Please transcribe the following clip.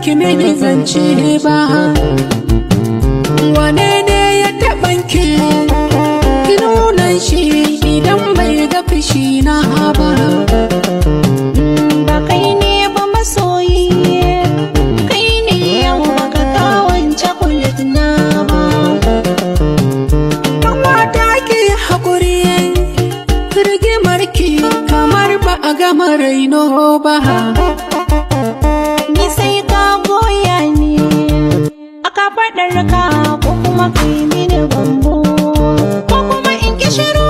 ki mini zance ba wane ne ya taɓan ki ki shi idan bai ga fushi na ba ba kai ne ba masoyi kai ne yau baka kawance kulit na ba kamata ki haƙuri rigimar ki kamar ba a gama raino ba ka faɗar ko kuma kai mini bambo ko kuma in kishiru